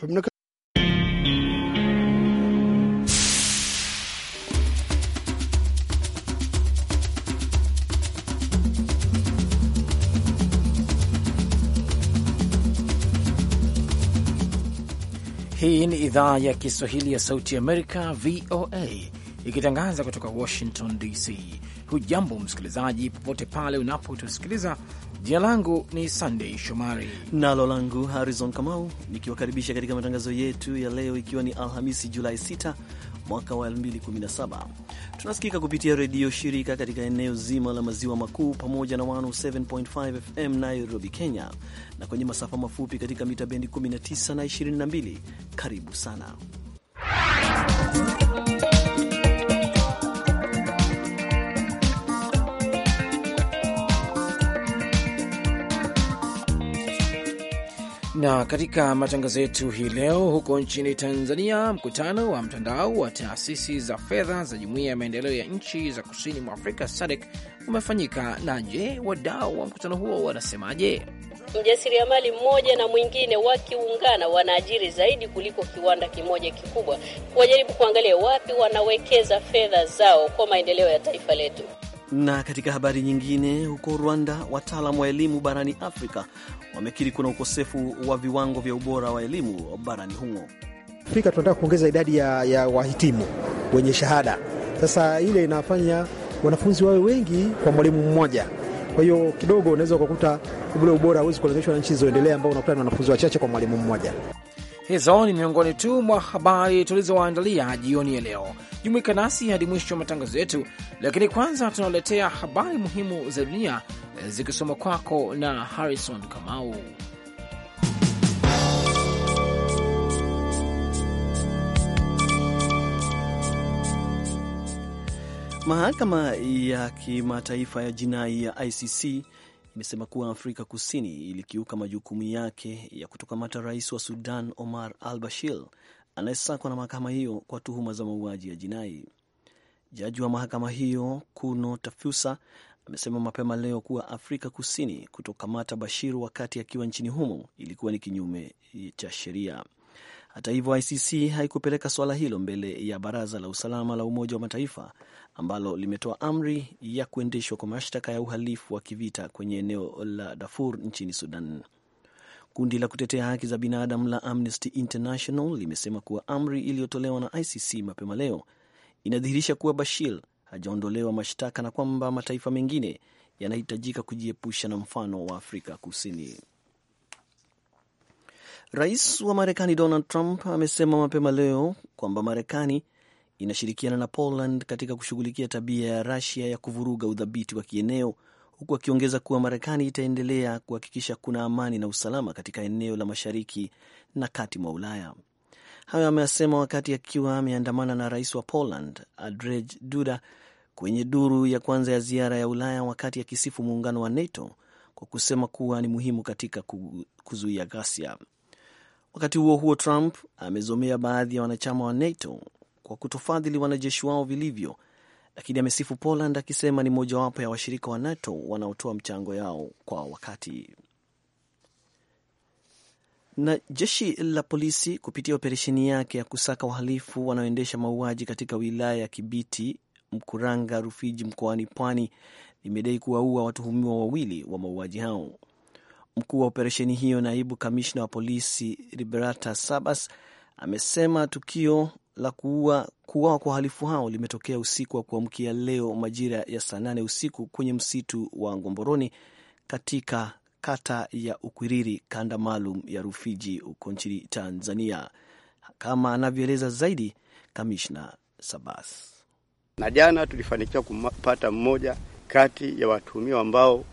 Hii ni idhaa ya Kiswahili ya Sauti Amerika, VOA, ikitangaza kutoka Washington DC. Hujambo msikilizaji, popote pale unapotusikiliza Jina langu ni sandey Shomari nalo langu Harrison Kamau, nikiwakaribisha katika matangazo yetu ya leo, ikiwa ni Alhamisi Julai 6 mwaka wa 2017. Tunasikika kupitia redio shirika katika eneo zima la maziwa makuu pamoja na 107.5 FM Nairobi, Kenya, na kwenye masafa mafupi katika mita bendi 19 na 22. Karibu sana Na katika matangazo yetu hii leo, huko nchini Tanzania, mkutano wa mtandao wa taasisi za fedha za jumuiya ya maendeleo ya nchi za kusini mwa Afrika SADC umefanyika na je, wadau wa mkutano huo wanasemaje? Mjasiriamali mmoja na mwingine wakiungana wanaajiri zaidi kuliko kiwanda kimoja kikubwa, wajaribu kuangalia wapi wanawekeza fedha zao kwa maendeleo ya taifa letu. Na katika habari nyingine, huko Rwanda, wataalamu wa elimu barani Afrika wamekiri kuna ukosefu wa viwango vya ubora wa elimu barani humo. Afrika tunataka kuongeza idadi ya, ya wahitimu wenye shahada. Sasa ile inafanya wanafunzi wawe wengi kwa mwalimu mmoja, kwa hiyo kidogo unaweza ukakuta ule ubora hauwezi kulinganishwa na nchi zilizoendelea, ambao unakuta ni wanafunzi wachache kwa mwalimu mmoja. Hizo ni miongoni tu mwa habari tulizowaandalia jioni ya leo. Jumuika nasi hadi mwisho wa matangazo yetu, lakini kwanza tunaletea habari muhimu za dunia eh, zikisoma kwako na Harrison Kamau. Mahakama ya kimataifa ya jinai ya ICC imesema kuwa Afrika Kusini ilikiuka majukumu yake ya kutokamata rais wa Sudan Omar al Bashir anayesakwa na mahakama hiyo kwa tuhuma za mauaji ya jinai. Jaji wa mahakama hiyo Kuno Tafusa amesema mapema leo kuwa Afrika Kusini kutokamata Bashir wakati akiwa nchini humo ilikuwa ni kinyume cha sheria. Hata hivyo, ICC haikupeleka suala hilo mbele ya Baraza la Usalama la Umoja wa Mataifa ambalo limetoa amri ya kuendeshwa kwa mashtaka ya uhalifu wa kivita kwenye eneo la Darfur nchini Sudan. Kundi la kutetea haki za binadamu la Amnesty International limesema kuwa amri iliyotolewa na ICC mapema leo inadhihirisha kuwa Bashir hajaondolewa mashtaka na kwamba mataifa mengine yanahitajika kujiepusha na mfano wa Afrika Kusini. Rais wa Marekani Donald Trump amesema mapema leo kwamba Marekani inashirikiana na Poland katika kushughulikia tabia ya rasia ya kuvuruga udhabiti wa kieneo huku akiongeza kuwa Marekani itaendelea kuhakikisha kuna amani na usalama katika eneo la mashariki na kati mwa Ulaya. Hayo ameyasema wakati akiwa ameandamana na rais wa Poland Andrzej Duda kwenye duru ya kwanza ya ziara ya Ulaya, wakati akisifu muungano wa NATO kwa kusema kuwa ni muhimu katika kuzuia ghasia. Wakati huo huo, Trump amezomea baadhi ya wanachama wa NATO kwa kutofadhili wanajeshi wao vilivyo, lakini amesifu Poland akisema ni mojawapo ya washirika wa NATO wanaotoa mchango yao kwa wakati. Na jeshi la polisi kupitia operesheni yake ya kusaka wahalifu wanaoendesha mauaji katika wilaya ya Kibiti, Mkuranga, Rufiji mkoani Pwani limedai kuwaua watuhumiwa wawili wa mauaji hao. Mkuu wa operesheni hiyo, naibu kamishna wa polisi Liberata Sabas, amesema tukio la kuua kuuawa kwa uhalifu hao limetokea usiku wa kuamkia leo majira ya saa nane usiku kwenye msitu wa Ngomboroni katika kata ya Ukwiriri, kanda maalum ya Rufiji huko nchini Tanzania, kama anavyoeleza zaidi kamishna Sabas. Na jana tulifanikiwa kupata mmoja kati ya watuhumiwa ambao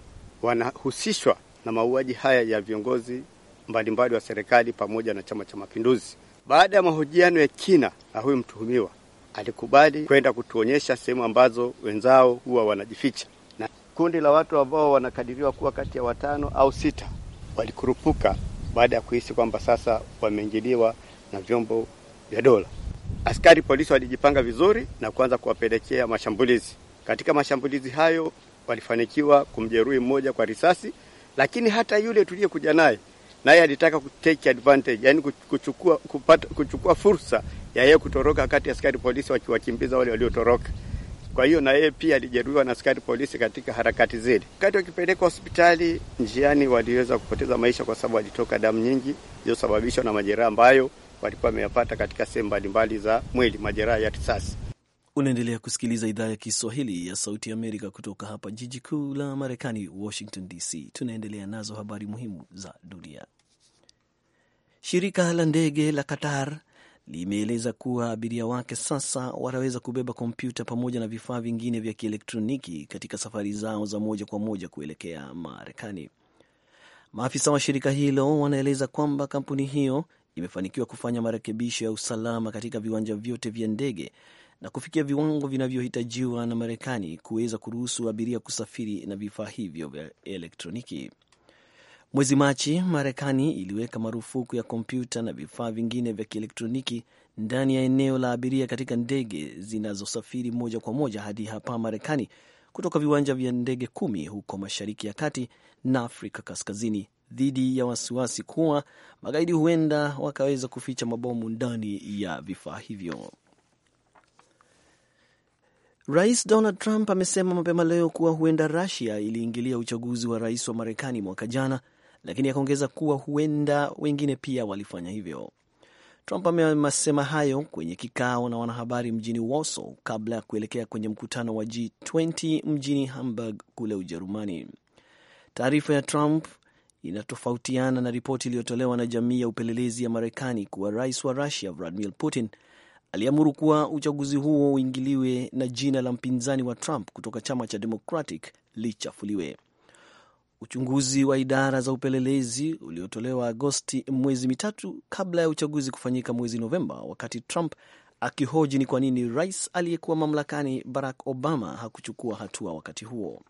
wanahusishwa na mauaji haya ya viongozi mbalimbali wa serikali pamoja na Chama cha Mapinduzi. Baada ya mahojiano ya kina na huyu mtuhumiwa, alikubali kwenda kutuonyesha sehemu ambazo wenzao huwa wanajificha, na kundi la watu ambao wanakadiriwa kuwa kati ya watano au sita walikurupuka baada ya kuhisi kwamba sasa wameingiliwa na vyombo vya dola. Askari polisi walijipanga vizuri na kuanza kuwapelekea mashambulizi. Katika mashambulizi hayo walifanikiwa kumjeruhi mmoja kwa risasi lakini hata yule tuliyekuja naye naye alitaka kutake advantage, yani kuchukua, kupata, kuchukua fursa ya yeye kutoroka wakati askari polisi wakiwakimbiza wale waliotoroka. Kwa hiyo na yeye pia alijeruhiwa na askari polisi katika harakati zile. Wakati wakipelekwa hospitali, njiani waliweza kupoteza maisha kwa sababu walitoka damu nyingi zilizosababishwa na majeraha ambayo walikuwa wameyapata katika sehemu mbalimbali za mwili, majeraha ya risasi. Unaendelea kusikiliza idhaa ya Kiswahili ya Sauti Amerika kutoka hapa jiji kuu la Marekani, Washington DC. Tunaendelea nazo habari muhimu za dunia. Shirika la ndege la Qatar limeeleza kuwa abiria wake sasa wataweza kubeba kompyuta pamoja na vifaa vingine vya kielektroniki katika safari zao za moja kwa moja kuelekea Marekani. Maafisa wa shirika hilo wanaeleza kwamba kampuni hiyo imefanikiwa kufanya marekebisho ya usalama katika viwanja vyote vya ndege na kufikia viwango vinavyohitajiwa na Marekani kuweza kuruhusu abiria kusafiri na vifaa hivyo vya elektroniki. Mwezi Machi, Marekani iliweka marufuku ya kompyuta na vifaa vingine vya kielektroniki ndani ya eneo la abiria katika ndege zinazosafiri moja kwa moja hadi hapa Marekani kutoka viwanja vya ndege kumi huko Mashariki ya Kati na Afrika Kaskazini, dhidi ya wasiwasi kuwa magaidi huenda wakaweza kuficha mabomu ndani ya vifaa hivyo. Rais Donald Trump amesema mapema leo kuwa huenda Rusia iliingilia uchaguzi wa rais wa Marekani mwaka jana, lakini akaongeza kuwa huenda wengine pia walifanya hivyo. Trump amesema hayo kwenye kikao na wanahabari mjini Warsaw kabla ya kuelekea kwenye mkutano wa G20 mjini Hamburg kule Ujerumani. Taarifa ya Trump inatofautiana na ripoti iliyotolewa na jamii ya upelelezi ya Marekani kuwa rais wa Rusia Vladimir Putin aliamuru kuwa uchaguzi huo uingiliwe na jina la mpinzani wa Trump kutoka chama cha Democratic lichafuliwe. Uchunguzi wa idara za upelelezi uliotolewa Agosti, mwezi mitatu kabla ya uchaguzi kufanyika mwezi Novemba, wakati Trump akihoji ni kwa nini rais aliyekuwa mamlakani Barack Obama hakuchukua hatua wakati huo.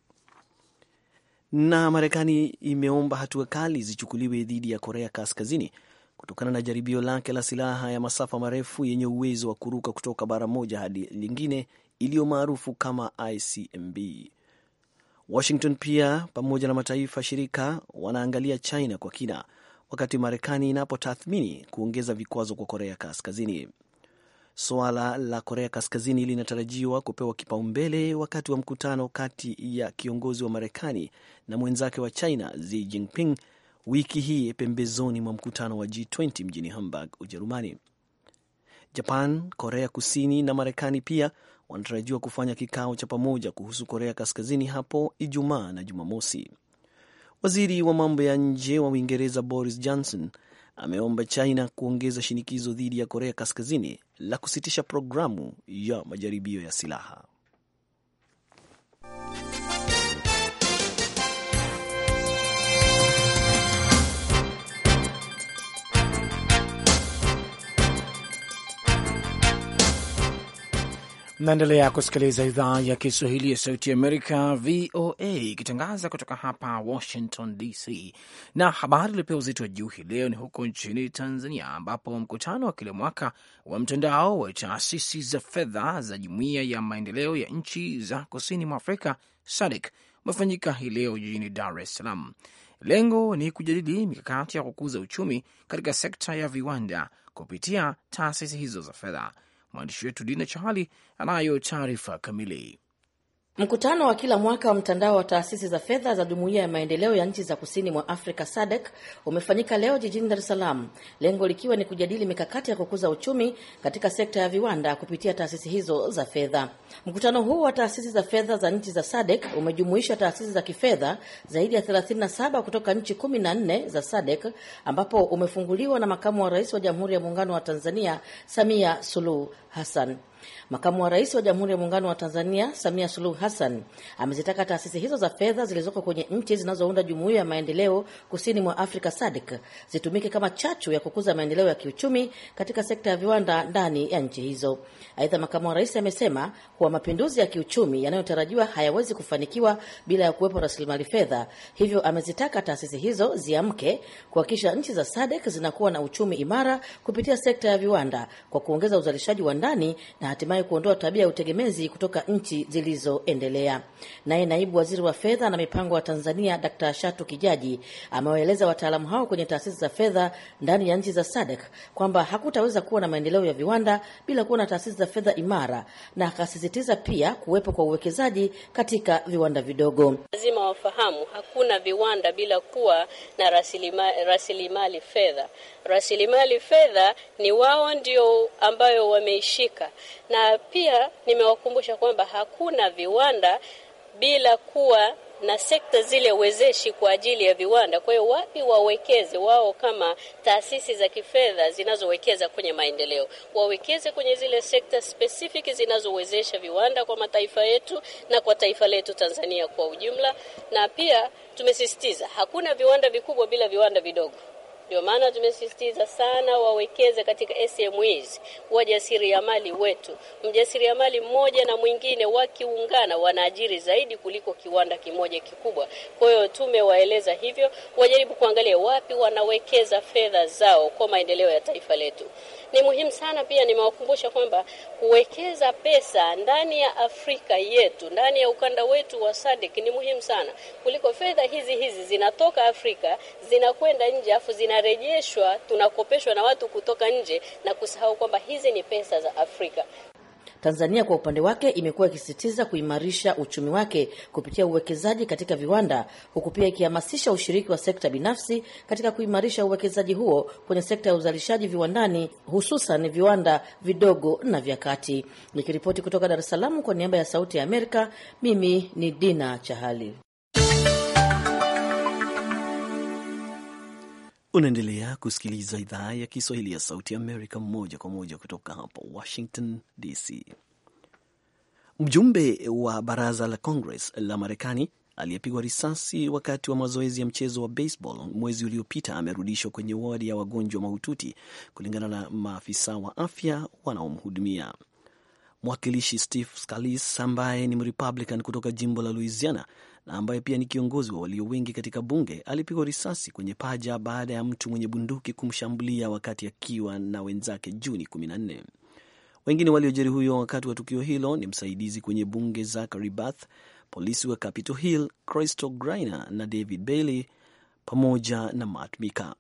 Na Marekani imeomba hatua kali zichukuliwe dhidi ya Korea Kaskazini kutokana na jaribio lake la silaha ya masafa marefu yenye uwezo wa kuruka kutoka bara moja hadi lingine iliyo maarufu kama icmb Washington pia pamoja na mataifa shirika wanaangalia China kwa kina wakati Marekani inapotathmini kuongeza vikwazo kwa Korea Kaskazini. Suala la Korea Kaskazini linatarajiwa kupewa kipaumbele wakati wa mkutano kati ya kiongozi wa Marekani na mwenzake wa China Xi Jinping wiki hii pembezoni mwa mkutano wa G20 mjini Hamburg, Ujerumani. Japan, Korea Kusini na Marekani pia wanatarajiwa kufanya kikao cha pamoja kuhusu Korea Kaskazini hapo Ijumaa na Jumamosi. Waziri wa mambo ya nje wa Uingereza Boris Johnson ameomba China kuongeza shinikizo dhidi ya Korea Kaskazini la kusitisha programu ya majaribio ya silaha. naendelea kusikiliza idhaa ya Kiswahili ya Sauti Amerika, VOA, ikitangaza kutoka hapa Washington DC. Na habari iliyopewa uzito wa juu hii leo ni huko nchini Tanzania, ambapo mkutano wa kila mwaka wa mtandao wa taasisi za fedha za Jumuiya ya Maendeleo ya Nchi za Kusini mwa Afrika, SADC, umefanyika hii leo jijini Dar es Salaam. Lengo ni kujadili mikakati ya kukuza uchumi katika sekta ya viwanda kupitia taasisi hizo za fedha. Mwandishi wetu Dina Chahali anayo taarifa kamili. Mkutano wa kila mwaka wa mtandao wa taasisi za fedha za jumuiya ya maendeleo ya nchi za kusini mwa Afrika SADC umefanyika leo jijini Dar es Salaam, lengo likiwa ni kujadili mikakati ya kukuza uchumi katika sekta ya viwanda kupitia taasisi hizo za fedha. Mkutano huu wa taasisi za fedha za nchi za SADC umejumuisha taasisi za kifedha zaidi ya 37 kutoka nchi 14 za SADC, ambapo umefunguliwa na makamu wa rais wa Jamhuri ya Muungano wa Tanzania Samia Suluhu Hassan. Makamu wa Rais wa Jamhuri ya Muungano wa Tanzania Samia Suluhu Hassan amezitaka taasisi hizo za fedha zilizoko kwenye nchi zinazounda Jumuiya ya Maendeleo Kusini mwa Afrika SADC zitumike kama chachu ya kukuza maendeleo ya kiuchumi katika sekta ya viwanda ndani ya nchi hizo. Aidha, makamu wa rais amesema kuwa mapinduzi ya kiuchumi yanayotarajiwa hayawezi kufanikiwa bila ya kuwepo rasilimali fedha, hivyo amezitaka taasisi hizo ziamke kuhakikisha nchi za SADC zinakuwa na uchumi imara kupitia sekta ya viwanda kwa kuongeza uzalishaji wa ndani na hatimaye kuondoa tabia ya utegemezi kutoka nchi zilizoendelea. Naye naibu waziri wa fedha na mipango wa Tanzania Dkt. Shatu Kijaji amewaeleza wataalamu hao kwenye taasisi za fedha ndani ya nchi za SADC kwamba hakutaweza kuwa na maendeleo ya viwanda bila kuwa na taasisi za fedha imara, na akasisitiza pia kuwepo kwa uwekezaji katika viwanda vidogo. Lazima wafahamu hakuna viwanda bila kuwa na rasilimali rasilimali fedha. Rasilimali fedha ni wao ndio ambayo wameishika na pia nimewakumbusha kwamba hakuna viwanda bila kuwa na sekta zile wezeshi kwa ajili ya viwanda. Kwa hiyo wapi wawekeze wao kama taasisi za kifedha zinazowekeza kwenye maendeleo, wawekeze kwenye zile sekta specific zinazowezesha viwanda kwa mataifa yetu na kwa taifa letu Tanzania kwa ujumla. Na pia tumesisitiza hakuna viwanda vikubwa bila viwanda vidogo. Ndio maana tumesisitiza sana wawekeze katika SME wajasiriamali wetu. Mjasiriamali mmoja na mwingine wakiungana, wanaajiri zaidi kuliko kiwanda kimoja kikubwa. Kwa hiyo tumewaeleza hivyo, wajaribu kuangalia wapi wanawekeza fedha zao kwa maendeleo ya taifa letu. Ni muhimu sana pia, nimewakumbusha kwamba kuwekeza pesa ndani ya Afrika yetu, ndani ya ukanda wetu wa SADC ni muhimu sana kuliko fedha hizi hizi zinatoka Afrika zinakwenda nje afu zina tunarejeshwa, tunakopeshwa na watu kutoka nje na kusahau kwamba hizi ni pesa za Afrika. Tanzania kwa upande wake imekuwa ikisisitiza kuimarisha uchumi wake kupitia uwekezaji katika viwanda, huku pia ikihamasisha ushiriki wa sekta binafsi katika kuimarisha uwekezaji huo kwenye sekta ya uzalishaji viwandani, hususan viwanda vidogo na vya kati. Nikiripoti kutoka Dar es Salaam kwa niaba ya Sauti ya Amerika, mimi ni Dina Chahali. Unaendelea kusikiliza idhaa ya Kiswahili ya Sauti Amerika moja kwa moja kutoka hapa Washington DC. Mjumbe wa baraza la Congress la Marekani aliyepigwa risasi wakati wa mazoezi ya mchezo wa baseball mwezi uliopita amerudishwa kwenye wodi ya wagonjwa mahututi, kulingana na maafisa wa afya wanaomhudumia. Mwakilishi Steve Scalise ambaye ni Mrepublican kutoka jimbo la Louisiana na ambaye pia ni kiongozi wa walio wengi katika bunge alipigwa risasi kwenye paja baada ya mtu mwenye bunduki kumshambulia wakati akiwa na wenzake Juni 14. Wengine waliojeruhiwa wakati wa tukio hilo ni msaidizi kwenye bunge Zachary Bath, polisi wa Capitol Hill Crystal Griner na David Bailey pamoja na Matt Mika.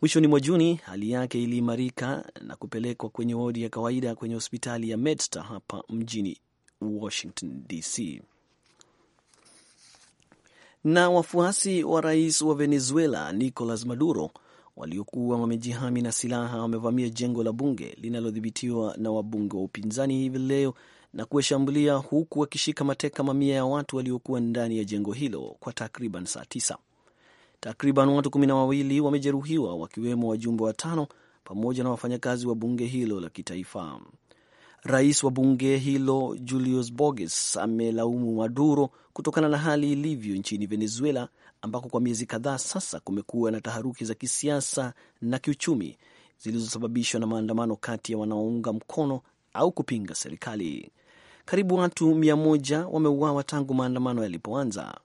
Mwishoni mwa Juni hali yake iliimarika na kupelekwa kwenye wodi ya kawaida kwenye hospitali ya MedStar hapa mjini Washington DC na wafuasi wa rais wa Venezuela Nicolas Maduro waliokuwa wamejihami na silaha wamevamia jengo la bunge linalodhibitiwa na wabunge wa upinzani hivi leo na kuwashambulia huku wakishika mateka mamia ya watu waliokuwa ndani ya jengo hilo kwa takriban saa tisa. Takriban watu kumi na wawili wamejeruhiwa wakiwemo wajumbe watano pamoja na wafanyakazi wa bunge hilo la kitaifa. Rais wa bunge hilo Julius Boges amelaumu Maduro kutokana na hali ilivyo nchini Venezuela, ambako kwa miezi kadhaa sasa kumekuwa na taharuki za kisiasa na kiuchumi zilizosababishwa na maandamano kati ya wanaounga mkono au kupinga serikali. Karibu watu mia moja wameuawa tangu maandamano yalipoanza.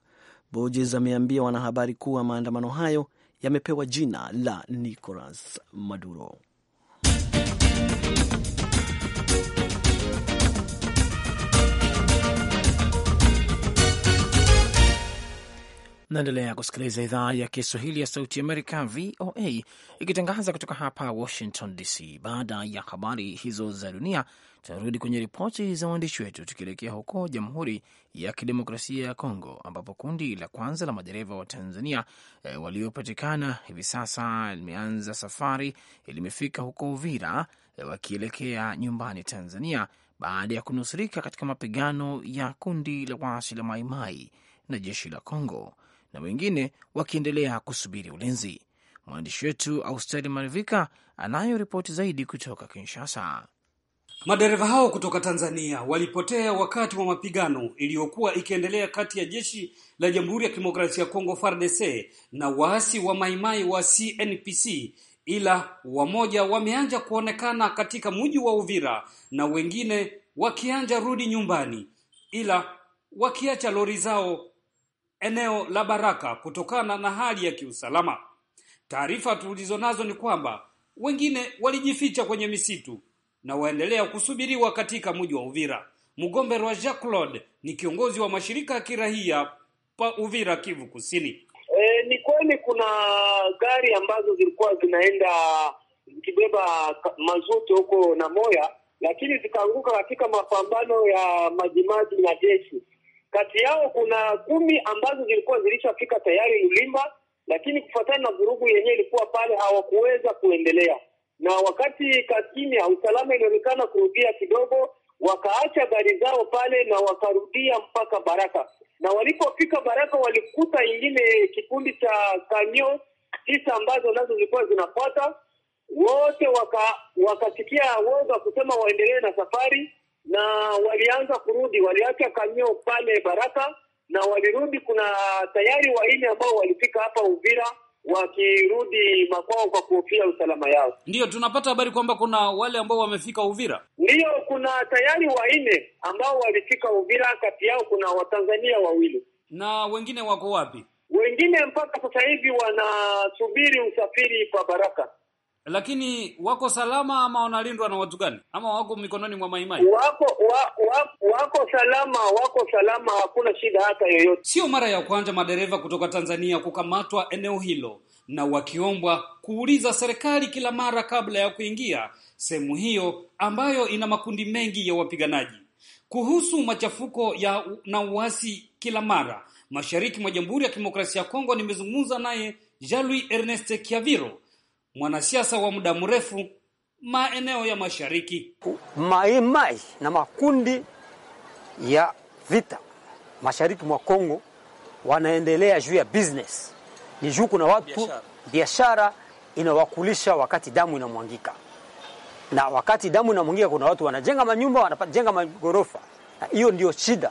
Boges ameambia wanahabari kuwa maandamano hayo yamepewa jina la Nicolas Maduro. Naendelea kusikiliza idhaa ya Kiswahili ya Sauti Amerika, VOA, ikitangaza kutoka hapa Washington DC. Baada ya habari hizo za dunia, Tunarudi kwenye ripoti za waandishi wetu tukielekea huko Jamhuri ya Kidemokrasia ya Kongo, ambapo kundi la kwanza la madereva wa Tanzania e, waliopatikana hivi sasa limeanza safari, eh, limefika huko Uvira e, wakielekea nyumbani Tanzania baada ya kunusurika katika mapigano ya kundi la waasi la Maimai na jeshi la Kongo, na wengine wakiendelea kusubiri ulinzi. Mwandishi wetu austeli Marivika anayo ripoti zaidi kutoka Kinshasa. Madereva hao kutoka Tanzania walipotea wakati wa mapigano iliyokuwa ikiendelea kati ya jeshi la Jamhuri ya Kidemokrasia ya Kongo FARDC na waasi wa Maimai wa CNPC, ila wamoja wameanza kuonekana katika mji wa Uvira na wengine wakianja rudi nyumbani, ila wakiacha lori zao eneo la Baraka kutokana na hali ya kiusalama. Taarifa tulizonazo ni kwamba wengine walijificha kwenye misitu na waendelea kusubiriwa katika mji wa Uvira. wa Jacques Claude ni kiongozi wa mashirika ya kirahia pa Uvira, Kivu Kusini. E, ni kweli kuna gari ambazo zilikuwa zinaenda zikibeba mazuti huko na moya, lakini zikaanguka katika mapambano ya majimaji na jeshi. Kati yao kuna kumi ambazo zilikuwa zilishafika tayari ulimba lakini kufuatana na vurugu yenyewe ilikuwa pale hawakuweza kuendelea na wakati kakimya, usalama ilionekana kurudia kidogo, wakaacha gari zao pale na wakarudia mpaka Baraka, na walipofika Baraka walikuta ingine kikundi cha kanyo tisa ambazo nazo zilikuwa zinafuata. Wote wakasikia waka woga kusema waendelee na safari, na walianza kurudi, waliacha kanyo pale Baraka na walirudi. Kuna tayari waine ambao walifika hapa Uvira wakirudi makwao kwa kuhofia usalama yao. Ndiyo tunapata habari kwamba kuna wale ambao wamefika Uvira. Ndiyo, kuna tayari wanne ambao walifika Uvira, kati yao kuna Watanzania wawili na wengine wako wapi? Wengine mpaka sasa hivi wanasubiri usafiri kwa Baraka lakini wako salama ama wanalindwa na watu gani? Ama wako mikononi mwa maimai? Wako wa, wa, wako salama, wako salama, hakuna shida hata yoyote. Sio mara ya kwanza madereva kutoka Tanzania kukamatwa eneo hilo na wakiombwa kuuliza serikali kila mara kabla ya kuingia sehemu hiyo ambayo ina makundi mengi ya wapiganaji kuhusu machafuko ya na uasi kila mara mashariki mwa Jamhuri ya Kidemokrasia ya Kongo. Nimezungumza naye Jalui Ernest Kiaviro mwanasiasa wa muda mrefu maeneo ya mashariki. Maimai na makundi ya vita mashariki mwa Kongo wanaendelea juu ya business, ni juu kuna watu biashara inawakulisha wakati damu inamwangika, na wakati damu inamwangika, kuna watu wanajenga manyumba, wanajenga magorofa, na hiyo ndio shida.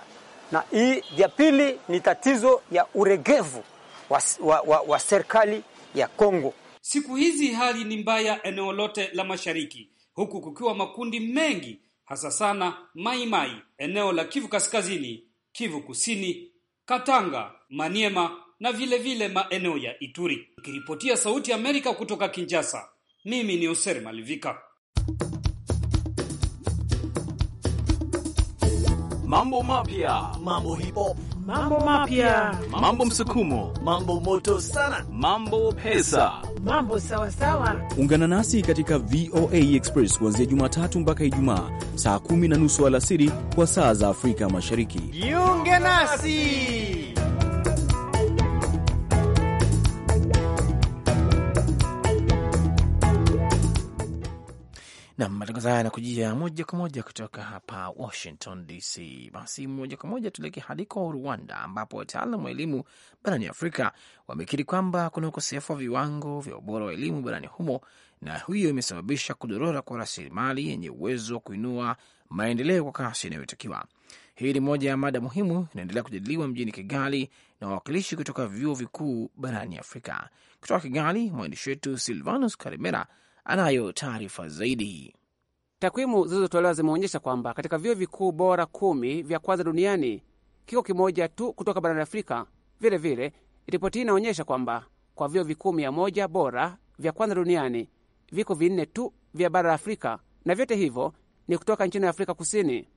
Na hii ya pili ni tatizo ya uregevu wa, wa, wa, wa serikali ya Kongo. Siku hizi hali ni mbaya eneo lote la mashariki, huku kukiwa makundi mengi, hasa sana maimai mai, eneo la Kivu Kaskazini, Kivu Kusini, Katanga, Maniema na vile vile maeneo ya Ituri. Nikiripotia Sauti ya Amerika kutoka Kinshasa, mimi ni Oser Malivika. Mambo mapya, mambo hipo, mambo mapya, mambo msukumo, mambo moto sana, mambo pesa, mambo sawasawa. Ungana nasi katika VOA Express kuanzia Jumatatu mpaka Ijumaa saa kumi na nusu alasiri kwa saa za Afrika Mashariki. Jiunge nasi. Nam, matangazo haya yanakujia moja kwa moja kutoka hapa Washington DC. Basi moja kwa moja tuelekee hadi kwa Rwanda, ambapo wataalam wa elimu barani Afrika wamekiri kwamba kuna ukosefu wa viwango vya ubora wa elimu barani humo, na hiyo imesababisha kudorora kwa rasilimali yenye uwezo wa kuinua maendeleo kwa kasi inayotakiwa. Hii ni moja ya mada muhimu inaendelea kujadiliwa mjini Kigali na wawakilishi kutoka vyuo vikuu barani Afrika. Kutoka Kigali, mwandishi wetu Silvanus Karimera anayo taarifa zaidi. Takwimu zilizotolewa zimeonyesha kwamba katika vyuo vikuu bora kumi vya kwanza duniani kiko kimoja tu kutoka barani Afrika. Vilevile, ripoti hii inaonyesha kwamba kwa vyuo vikuu mia moja bora vya kwanza duniani viko vinne tu vya bara la Afrika, na vyote hivyo ni kutoka nchini Afrika Kusini.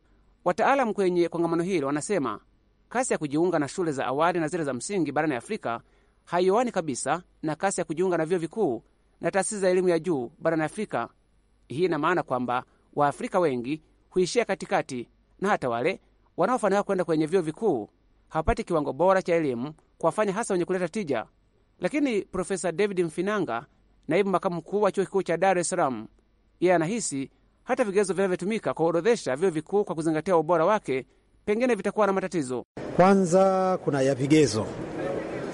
Wataalamu kwenye kongamano hilo wanasema kasi ya kujiunga na shule za awali na zile za msingi barani Afrika haioani kabisa na kasi ya kujiunga na vyuo vikuu na taasisi za elimu ya juu barani Afrika. Hii ina maana kwamba Waafrika wengi huishia katikati na hata wale wanaofanikiwa kwenda kwenye vyuo vikuu hawapati kiwango bora cha elimu kuwafanya hasa wenye kuleta tija. Lakini Profesa David Mfinanga, naibu makamu mkuu wa chuo kikuu cha Dar es Salaam, yeye anahisi hata vigezo vinavyotumika kuorodhesha vyuo vikuu kwa kuzingatia ubora wake pengine vitakuwa na matatizo. Kwanza kuna ya vigezo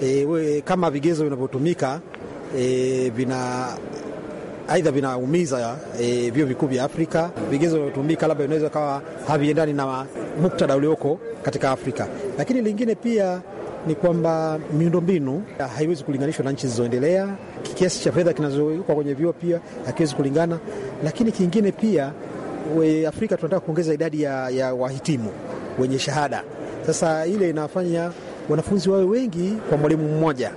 e, we, kama vigezo vinavyotumika e, vina aidha vinaumiza e, vyuo vikuu vya Afrika. Vigezo vinavyotumika labda vinaweza kawa haviendani na muktada ulioko katika Afrika, lakini lingine pia ni kwamba miundombinu haiwezi kulinganishwa na nchi zilizoendelea. Kiasi cha fedha kinazowekwa kwenye vyuo pia hakiwezi kulingana, lakini kingine pia we, Afrika tunataka kuongeza idadi ya, ya wahitimu wenye shahada. Sasa ile inafanya wanafunzi wawe wengi kwa mwalimu mmoja.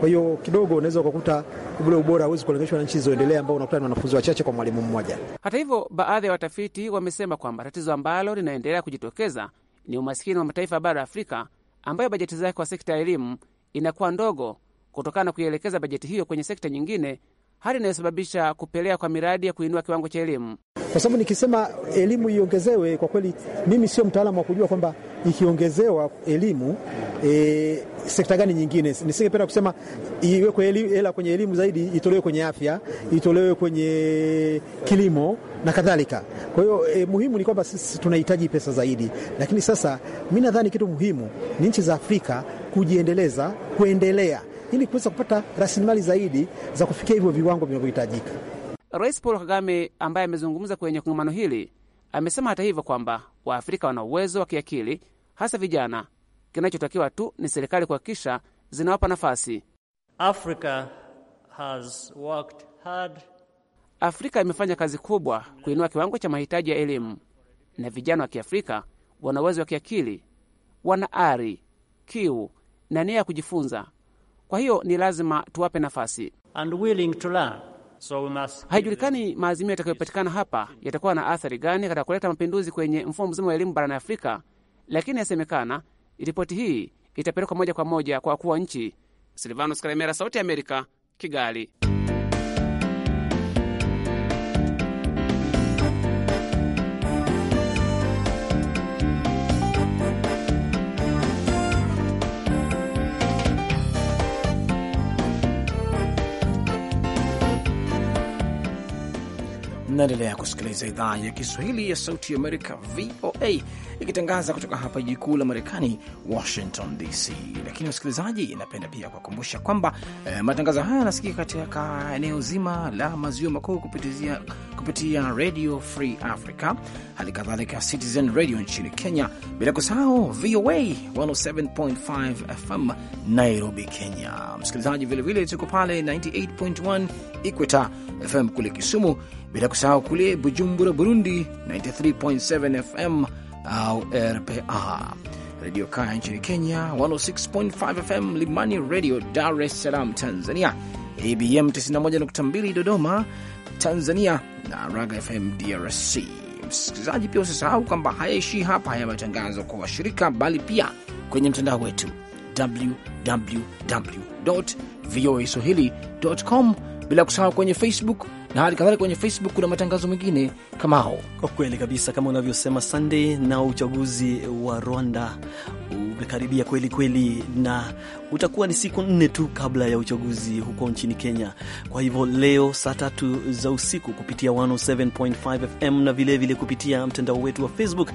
Kwa hiyo kidogo unaweza ukakuta ule ubora hauwezi kulinganishwa na nchi zilizoendelea ambao unakutana na wanafunzi wachache kwa mwalimu mmoja. Hata hivyo, baadhi ya watafiti wamesema kwamba tatizo ambalo linaendelea kujitokeza ni umasikini wa mataifa ya bara Afrika ambayo bajeti zake kwa sekta ya elimu inakuwa ndogo kutokana na kuielekeza bajeti hiyo kwenye sekta nyingine hali inayosababisha kupelea kwa miradi ya kuinua kiwango cha elimu. Kwa sababu nikisema elimu iongezewe, kwa kweli mimi sio mtaalamu wa kujua kwamba ikiongezewa elimu e, sekta gani nyingine. Nisingependa kusema iwekwe hela kwenye elimu zaidi, itolewe kwenye afya, itolewe kwenye kilimo na kadhalika. Kwa hiyo e, muhimu ni kwamba sisi tunahitaji pesa zaidi, lakini sasa mi nadhani kitu muhimu ni nchi za Afrika kujiendeleza, kuendelea ili kuweza kupata rasilimali zaidi za kufikia hivyo viwango vinavyohitajika. Rais Paul Kagame ambaye amezungumza kwenye kongamano hili amesema hata hivyo kwamba Waafrika wana uwezo wa kiakili, hasa vijana. Kinachotakiwa tu ni serikali kuhakikisha zinawapa nafasi. has worked hard. Afrika imefanya kazi kubwa kuinua kiwango cha mahitaji ya elimu, na vijana wa Kiafrika wana uwezo wa kiakili, wana ari, kiu na nia ya kujifunza kwa hiyo ni lazima tuwape nafasi. So must... haijulikani maazimio yatakayopatikana hapa yatakuwa na athari gani katika kuleta mapinduzi kwenye mfumo mzima wa elimu barani Afrika, lakini yasemekana ripoti hii itapelekwa moja kwa moja kwa wakuu wa nchi. Silvanus Karemera, Sauti ya Amerika, Kigali. Naendelea kusikiliza idhaa ya Kiswahili ya Sauti Amerika, VOA, ikitangaza kutoka hapa jiji kuu la Marekani, Washington DC. Lakini wasikilizaji, inapenda pia kuwakumbusha kwamba eh, matangazo haya yanasikika katika eneo zima la maziwa makuu kupitia, kupitia Radio Free Africa, hali kadhalika Citizen Radio nchini Kenya, bila kusahau VOA 107.5 FM Nairobi, Kenya. Msikilizaji, vilevile tuko pale 98.1 Equator FM kule Kisumu bila kusahau kule Bujumbura, Burundi 93.7 FM au RPA, Redio Kaya nchini Kenya 106.5 FM, Limani Radio Dar es Salaam Tanzania, ABM 91.2 Dodoma Tanzania na Raga FM DRC. Msikilizaji, pia usisahau kwamba hayaishii hapa haya matangazo kwa washirika, bali pia kwenye mtandao wetu www voa swahili.com, bila kusahau kwenye Facebook na hali kadhalika kwenye Facebook kuna matangazo mengine kama hao. Kwa kweli kabisa, kama unavyosema Sunday, na uchaguzi wa Rwanda umekaribia kweli kweli, na utakuwa ni siku nne tu kabla ya uchaguzi huko nchini Kenya. Kwa hivyo leo saa tatu za usiku kupitia 107.5 FM na vilevile vile kupitia mtandao wetu wa Facebook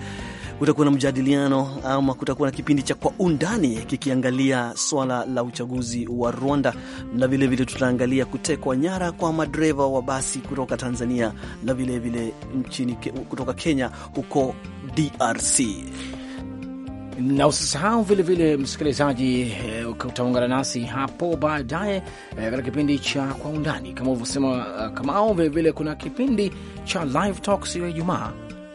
kutakuwa na mjadiliano ama kutakuwa na kipindi cha Kwa Undani kikiangalia swala la uchaguzi wa Rwanda, na vilevile tutaangalia kutekwa nyara kwa madereva wa basi kutoka Tanzania na vilevile nchini kutoka Kenya huko DRC na usisahau vilevile msikilizaji, eh, utaungana nasi hapo baadaye eh, katika kipindi cha Kwa Undani kama ulivyosema eh, Kamao. Vilevile kuna kipindi cha Live Talk siyo ya Ijumaa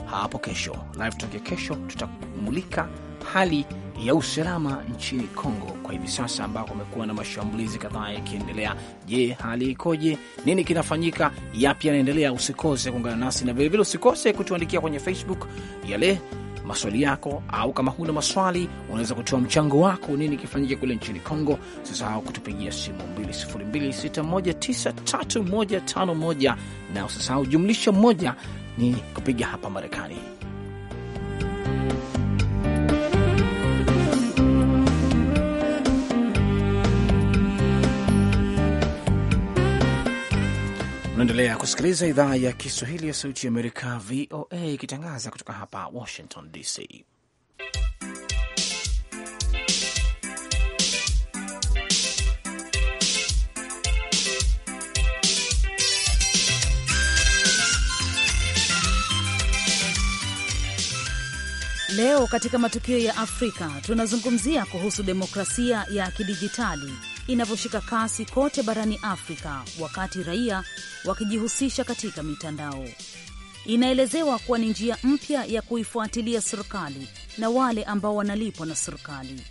hapo kesho. Live Talk ya kesho tutamulika hali ya usalama nchini Kongo kwa hivi sasa, ambako kumekuwa na mashambulizi kadhaa yakiendelea. Je, hali ikoje? Nini kinafanyika? Yapi yanaendelea? Usikose kuungana nasi na vilevile usikose kutuandikia kwenye Facebook yale maswali yako, au kama huna maswali unaweza kutoa mchango wako, nini kifanyike kule nchini Kongo. Usisahau kutupigia simu 2026193151 na usisahau jumlisha moja ni kupiga hapa Marekani. Unaendelea kusikiliza idhaa ya Kiswahili ya Sauti ya Amerika, VOA, ikitangaza kutoka hapa Washington DC. Leo katika matukio ya Afrika tunazungumzia kuhusu demokrasia ya kidijitali inavyoshika kasi kote barani Afrika, wakati raia wakijihusisha katika mitandao. Inaelezewa kuwa ni njia mpya ya kuifuatilia serikali na wale ambao wanalipwa na serikali.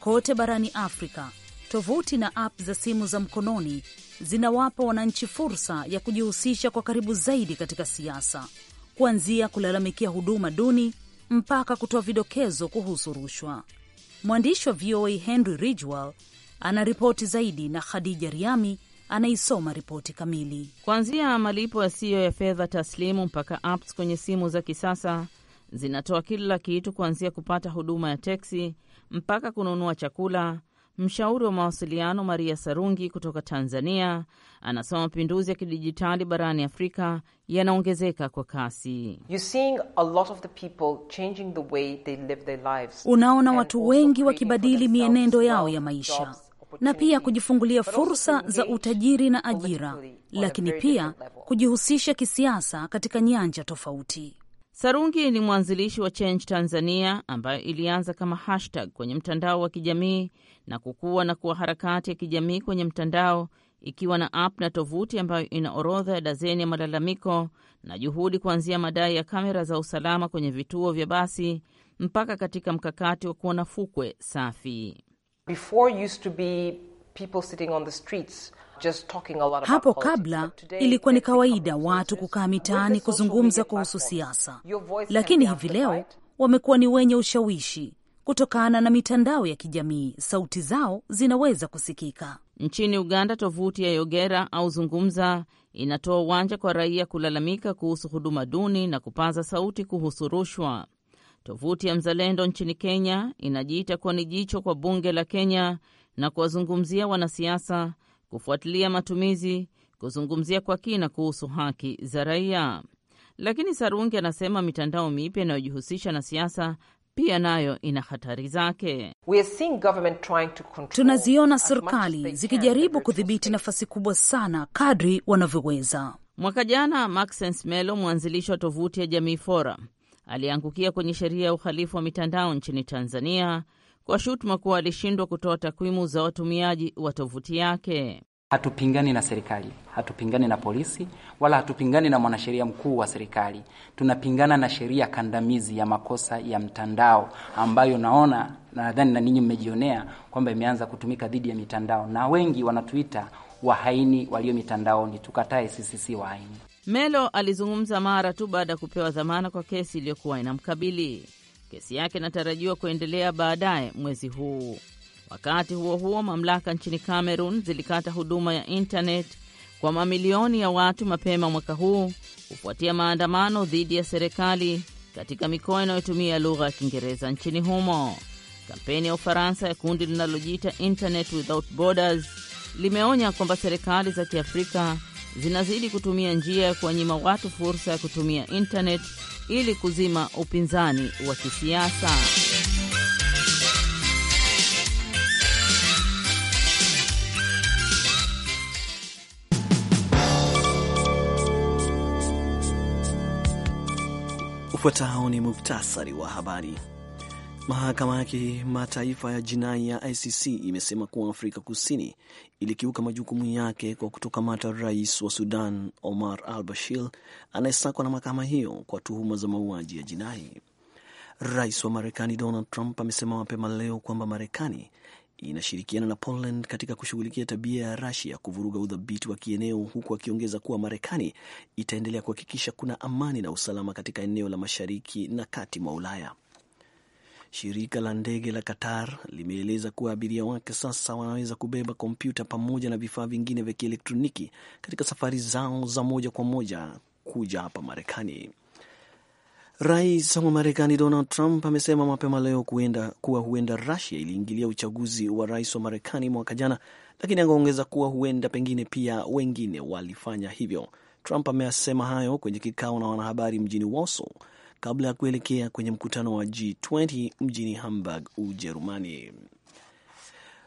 Kote barani Afrika, tovuti na app za simu za mkononi zinawapa wananchi fursa ya kujihusisha kwa karibu zaidi katika siasa, kuanzia kulalamikia huduma duni mpaka kutoa vidokezo kuhusu rushwa. Mwandishi wa VOA Henry Ridgwell ana ripoti zaidi na Khadija Riami anaisoma ripoti kamili. Kuanzia malipo yasiyo ya fedha taslimu mpaka apps kwenye simu za kisasa zinatoa kila kitu, kuanzia kupata huduma ya teksi mpaka kununua chakula Mshauri wa mawasiliano Maria Sarungi kutoka Tanzania anasema mapinduzi ya kidijitali barani Afrika yanaongezeka kwa kasi. Unaona watu wengi wakibadili mienendo yao ya maisha na pia kujifungulia fursa za utajiri na ajira, lakini pia kujihusisha kisiasa katika nyanja tofauti. Sarungi ni mwanzilishi wa Change Tanzania ambayo ilianza kama hashtag kwenye mtandao wa kijamii na kukua na kuwa harakati ya kijamii kwenye mtandao ikiwa na app na tovuti ambayo ina orodha ya dazeni ya malalamiko na juhudi kuanzia madai ya kamera za usalama kwenye vituo vya basi mpaka katika mkakati wa kuwa na fukwe safi. Before used to be people sitting on the streets hapo kabla ilikuwa ni kawaida watu kukaa mitaani kuzungumza kuhusu siasa, lakini hivi leo wamekuwa ni wenye ushawishi kutokana na mitandao ya kijamii, sauti zao zinaweza kusikika. Nchini Uganda, tovuti ya Yogera au Zungumza inatoa uwanja kwa raia kulalamika kuhusu huduma duni na kupaza sauti kuhusu rushwa. Tovuti ya Mzalendo nchini Kenya inajiita kuwa ni jicho kwa bunge la Kenya na kuwazungumzia wanasiasa kufuatilia matumizi, kuzungumzia kwa kina kuhusu haki za raia. Lakini Sarungi anasema mitandao mipya inayojihusisha na siasa pia nayo ina hatari zake. Tunaziona serikali zikijaribu kudhibiti nafasi kubwa sana kadri wanavyoweza. Mwaka jana Maxence Melo, mwanzilishi wa tovuti ya Jamii Forum, aliangukia kwenye sheria ya uhalifu wa mitandao nchini Tanzania kwa shutuma kuwa alishindwa kutoa takwimu za watumiaji wa tovuti yake. Hatupingani na serikali, hatupingani na polisi, wala hatupingani na mwanasheria mkuu wa serikali. Tunapingana na sheria kandamizi ya makosa ya mtandao ambayo naona nadhani na, na ninyi mmejionea kwamba imeanza kutumika dhidi ya mitandao, na wengi wanatuita wahaini walio mitandaoni. Tukatae, sisi si wahaini. Melo alizungumza mara tu baada ya kupewa dhamana kwa kesi iliyokuwa inamkabili. Kesi yake inatarajiwa kuendelea baadaye mwezi huu. Wakati huo huo, mamlaka nchini Cameroon zilikata huduma ya intanet kwa mamilioni ya watu mapema mwaka huu kufuatia maandamano dhidi ya serikali katika mikoa inayotumia lugha ya Kiingereza nchini humo. Kampeni ya Ufaransa ya kundi linalojiita Internet Without Borders limeonya kwamba serikali za Kiafrika zinazidi kutumia njia ya kuwanyima watu fursa ya kutumia intanet ili kuzima upinzani wa kisiasa. Ufuatao ni muktasari wa habari. Mahakama ya kimataifa ya jinai ya ICC imesema kuwa Afrika Kusini ilikiuka majukumu yake kwa kutokamata rais wa Sudan Omar al Bashir anayesakwa na mahakama hiyo kwa tuhuma za mauaji ya jinai. Rais wa Marekani Donald Trump amesema mapema leo kwamba Marekani inashirikiana na Poland katika kushughulikia tabia ya rasia kuvuruga udhabiti wa kieneo, huku akiongeza kuwa Marekani itaendelea kuhakikisha kuna amani na usalama katika eneo la mashariki na kati mwa Ulaya. Shirika la ndege la Qatar limeeleza kuwa abiria wake sasa wanaweza kubeba kompyuta pamoja na vifaa vingine vya kielektroniki katika safari zao za moja kwa moja kuja hapa Marekani. Rais wa Marekani Donald Trump amesema mapema leo kuenda, kuwa huenda Rusia iliingilia uchaguzi wa rais wa Marekani mwaka jana, lakini akaongeza kuwa huenda pengine pia wengine walifanya hivyo. Trump ameasema hayo kwenye kikao na wanahabari mjini Warsaw kabla ya kuelekea kwenye mkutano wa G20 mjini Hamburg, Ujerumani.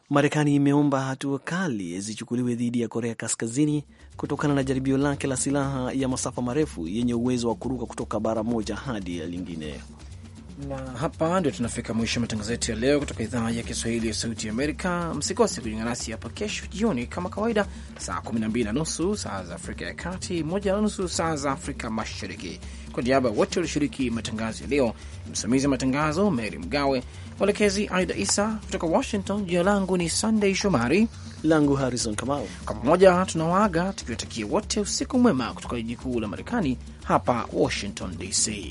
Marekani imeomba hatua kali zichukuliwe dhidi ya Korea Kaskazini kutokana na jaribio lake la silaha ya masafa marefu yenye uwezo wa kuruka kutoka bara moja hadi lingine. Na hapa ndio tunafika mwisho matangazo yetu ya leo kutoka idhaa ya Kiswahili ya Sauti ya Amerika. Msikose kujiunga nasi hapo kesho jioni kama kawaida, saa 12 na nusu saa za Afrika ya Kati, moja na nusu saa za Afrika Mashariki. Kwa niaba ya wote walioshiriki matangazo ya leo, msimamizi wa matangazo Mary Mgawe, mwelekezi Aida Isa kutoka Washington. Jina langu ni Sunday Shomari langu Harrison Kamau. Kwa pamoja tunawaaga tukiwatakia wote usiku mwema kutoka jiji kuu la Marekani hapa Washington DC.